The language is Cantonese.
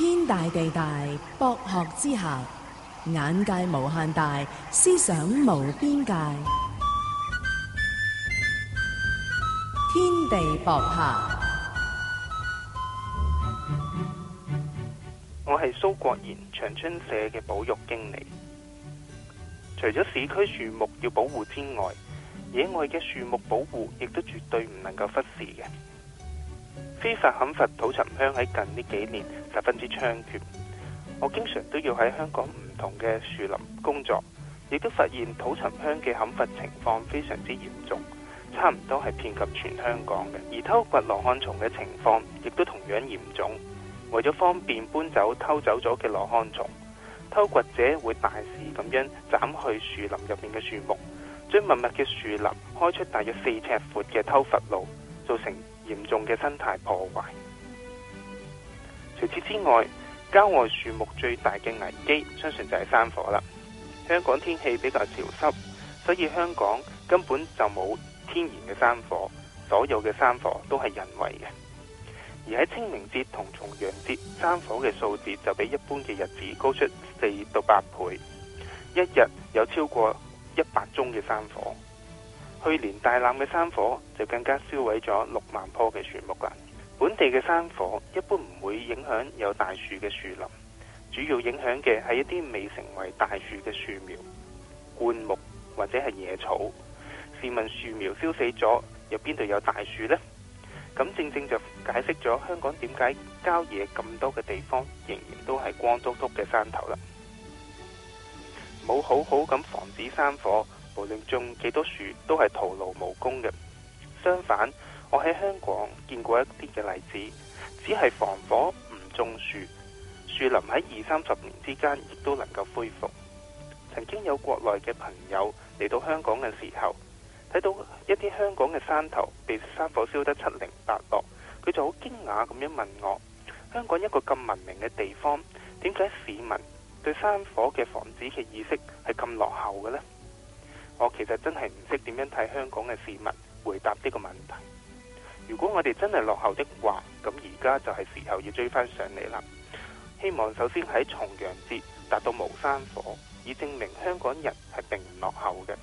天大地大，博學之下，眼界無限大，思想無邊界。天地博客，我係蘇國賢，長春社嘅保育經理。除咗市區樹木要保護之外，野外嘅樹木保護亦都絕對唔能夠忽視嘅。非法砍伐土沉香喺近呢幾年十分之猖獗，我經常都要喺香港唔同嘅樹林工作，亦都發現土沉香嘅砍伐情況非常之嚴重，差唔多係遍及全香港嘅。而偷掘羅漢松嘅情況亦都同樣嚴重。為咗方便搬走偷走咗嘅羅漢松，偷掘者會大肆咁樣斬去樹林入面嘅樹木，將密密嘅樹林開出大約四尺闊嘅偷伐路，造成。嚴重嘅生態破壞。除此之外，郊外樹木最大嘅危機，相信就係山火啦。香港天氣比較潮濕，所以香港根本就冇天然嘅山火，所有嘅山火都係人為嘅。而喺清明節同重陽節，山火嘅數字就比一般嘅日子高出四到八倍，一日有超過一百宗嘅山火。去年大欖嘅山火就更加燒毀咗六萬棵嘅樹木啦。本地嘅山火一般唔會影響有大樹嘅樹林，主要影響嘅係一啲未成為大樹嘅樹苗、灌木或者係野草。試問樹苗燒死咗，有邊度有大樹呢？咁正正就解釋咗香港點解郊野咁多嘅地方仍然都係光禿禿嘅山頭啦。冇好好咁防止山火。無論種幾多樹，都係徒勞無功嘅。相反，我喺香港見過一啲嘅例子，只係防火唔種樹，樹林喺二三十年之間亦都能夠恢復。曾經有國內嘅朋友嚟到香港嘅時候，睇到一啲香港嘅山頭被山火燒得七零八落，佢就好驚訝咁樣問我：「香港一個咁文明嘅地方，點解市民對山火嘅防止嘅意識係咁落後嘅呢？」我其實真係唔識點樣替香港嘅市民回答呢個問題。如果我哋真係落後的話，咁而家就係時候要追翻上嚟啦。希望首先喺重陽節達到無山火，以證明香港人係並唔落後嘅。